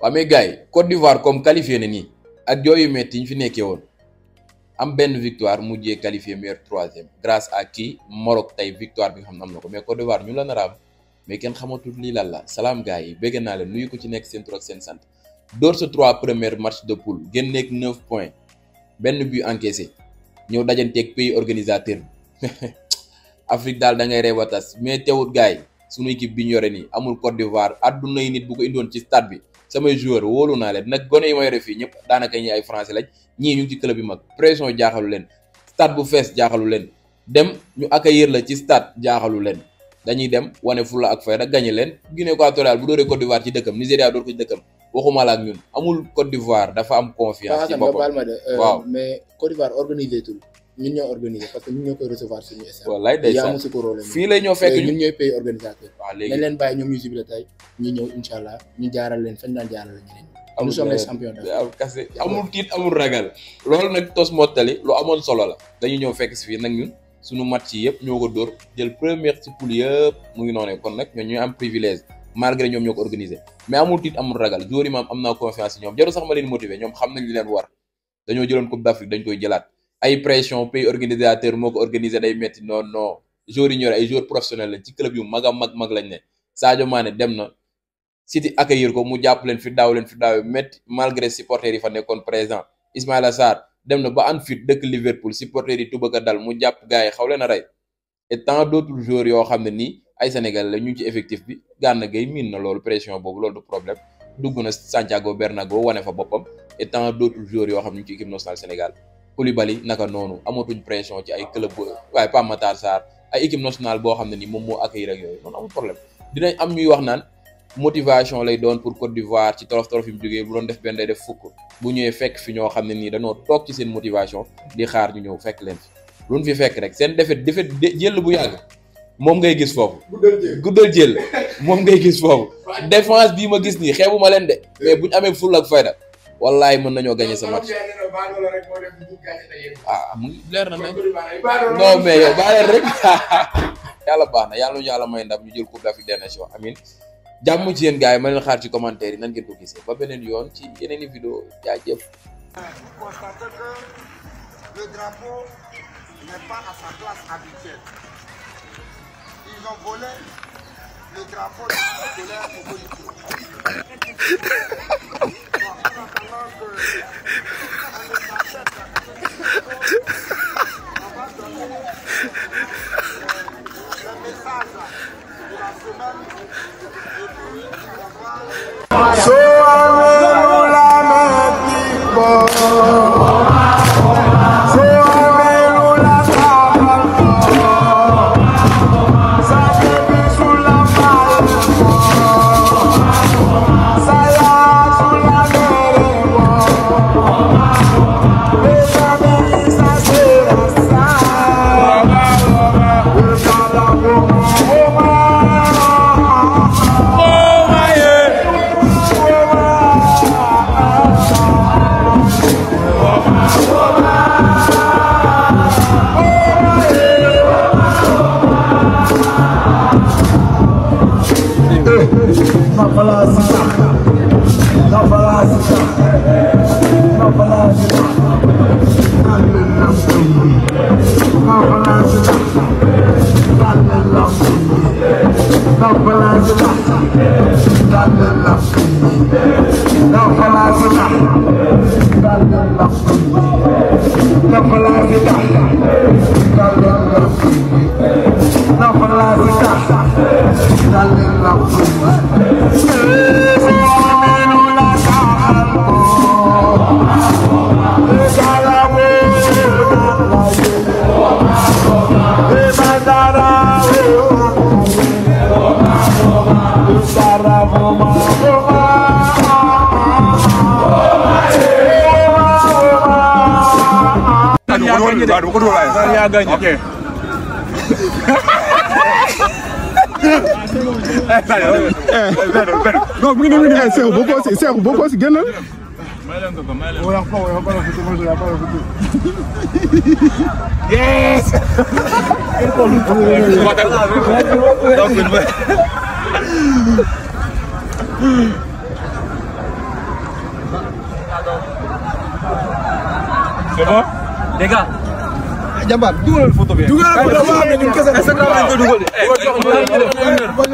waaw mais gars yi Côte d'Ivoire comme qualifié na nii ak yooyu metti ñu fi nekkee woon am benn victoire mujjee qualifié meilleur troisième grâce à kii Maroc tey victoire bi nga xam ne am na ko mais Côte d'Ivoire ñu la naraam mais kenn xamatul lii lan la salaam gars yi bégg naa la nuyu ko ci nekk seen tur seen sant door sa trois premiers matchs de poule génneeg neuf points benn but encaissé ñëw dajanteeg pays organisateur bi Afrique daal da ngay tas mais teewut gars yi sunu équipe bi ñu yore nii amul Côte d'Ivoire yi nit bu indoon ci stade bi. samay joueur wóolu naa leen nag gone yi ma yore fii ñëpp daanaka ñi ay français lañ ñii ñu ngi ci club yu mag pression jaaxalu leen stade bu fees jaaxalu leen dem ñu accueillir la ci stade jaaxalu leen dañuy dem wane fulla ak fayda gagné leen Guinée équatoriale bu dooree Côte d'Ivoire ci dëkkam Nigéria door ko ci dëkkam waxuma la ak ñun amul Côte d'Ivoire dafa am confiance. ci boppam euh, waaw mais Côte d'Ivoire organisé tul ñun ñoo organiser parce que ñun ñoo koy recevoir suñu stade. wallaay day sànq si kuréel fii lay ñoo fekk ñu ñëw incha allah ñu jaaral leen fañ daan jaaral ñeneen. amul kese amul tiit amul ragal. loolu nag tos mottali lu amoon solo la dañu ñëw fekk si fii nag ñun suñu mat ci yëpp ñoo ko dóor jël première ci poule yëpp mu ngi noonee kon nag ñoo ñuy am privilège malgré ñoom ñoo ko organisé mais amul tiit amul ragal jóori maam am naa confiance ñoom jarul sax ma leen motiver ñoom xam nañ li leen war dañoo jëloon coupe d'Afrique dañ koy jëlaat ay pression pays organisateur moo ko organisé day métti non non joueurs yi ñu ay joueurs professionnels lañ ci club yu mag a mag mag lañ ne Sadio Mané dem na City accueillir ko mu jàpp leen fi daaw leen fi daaw métti malgré supporters yi fa nekkoon présent Ismaïla a dem na ba Anfield dëkk Liverpool supporters yi tubaka dal mu jàpp gars yi xaw leen a rey et tant d'autres joueurs yoo xam ne ni ay Sénégalais la ñu ci effectif bi Gana Gueye miin na loolu pression boobu loolu du problème dugg na Santiago Bernabéu wane fa boppam et tant d'autres joueurs yoo xam ne ñu ci équipe nationale Sénégal. Koulibaly naka noonu amatuñ pression ci ay club waaye Pape Matar Sarr ay équipe nationale boo xam ne ni moom moo accueillir ak yooyu noonu amul problème dinañ am ñuy wax naan motivation lay doon pour Côte d'Ivoire ci tolof tolof yi bu doon def benn day def fukk bu ñëwee fekk fi ñoo xam ne nii dañoo toog ci seen motivation di xaar ñu ñëw fekk leen fi luñ fi fekk rek seen defet defet jël bu yàgg moom ngay gis foofu. guddal jël moom ngay gis wallaay mën nañoo gagné sa match ah mu ngi leer na nañ non mais yow baa leen rek yàlla baax na yàlla may ndam ñu jël coupe d'Afrique des nations amin jàmm ci yéen gars yi ma leen xaar ci commentaire yi nan ngeen ko gisee ba beneen yoon ci yeneen i vidéo jaajëf dama ko dugal ay. waaw yaa gaañ ok. non mu ngi nii mu ngi nii eh, Seex boo ko si Seex boo ko si génnal. Yes! C'est bon Les gars jàmbaar dugalal photo bi dugalal photo bi am na ñun kese Instagram lañ ko dugal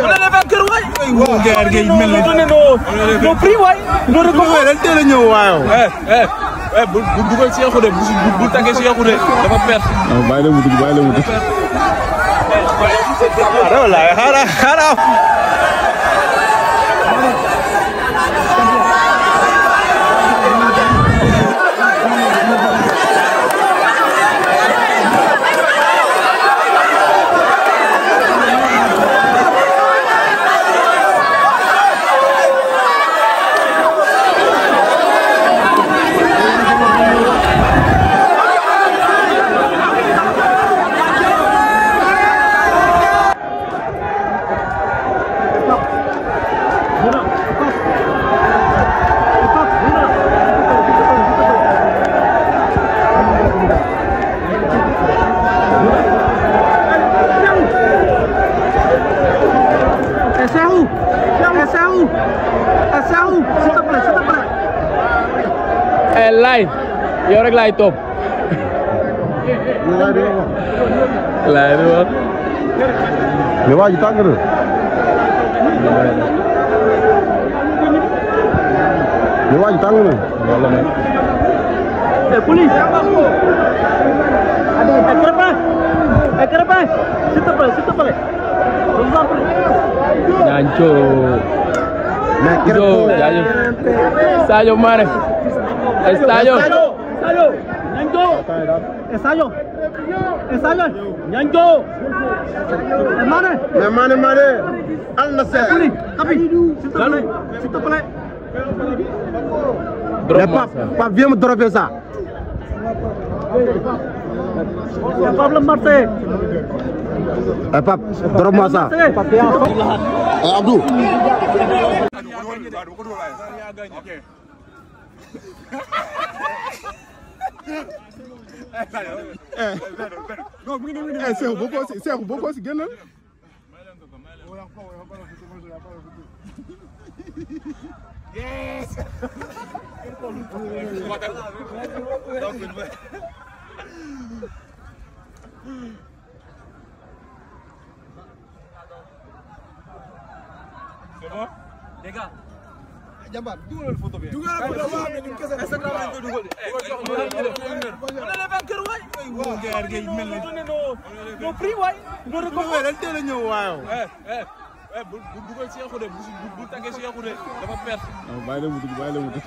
wala dafa kër waay waaw gerte gi mel na no prix waay no rek ko waay dañ teel a ñëw waaw eh eh eh bu dugal Cheikhou de bu tàggee Cheikhou de dafa perte bàyyi la mu dugg bàyyi la mu dugg xaaral xaaral yow rek laay topp. laay di wax. mais waa ji tàng na. mais waa ji tàng na. mais police. ay Crépin ay Crépin s'il te plaît s'il te plaît. Ñaanco. mais Crépin. Sadio Mané. Sadio. Ensayo. Ñanjo. Ensayo. Ensayo. Ñanjo. Mané. Mais Mané Mané. Al Nasser. Kapi. S'il te plaît. S'il te plaît. Mais pas, pas, viens me dropper ça. Et Pape le Marseille. Eh Pape, drop-moi ça. Eh Abdou. Okay. eh Seexu boo ko si Seexu boo ko si génnal. Yes. jàmbaar dugalal photo bi dugalal photo bi waaw ñun kese Instagram lañ koy dugal bu dugal Cheikhou de bu tàggee Cheikhou de dafa perte bàyyi la mu dugg bàyyi la mu dugg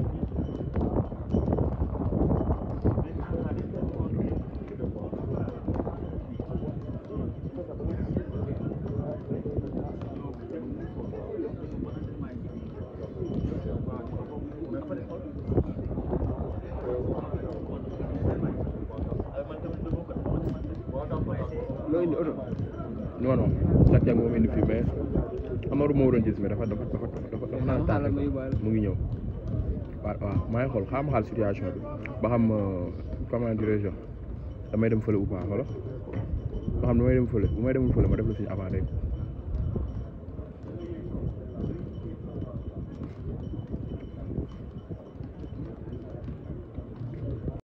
oto non non sax jàng moom indi fii mais Amadou moo waroon mais dafa dafa dafa dafa dafa mu ngi ñëw waaw waaw maa ngi xool xaam xaal situation bi ba xam euh, comment dirais-je damay dem fële ou pas wala ba xam damay dem fële bu may demul fële ma def la suñu avant rek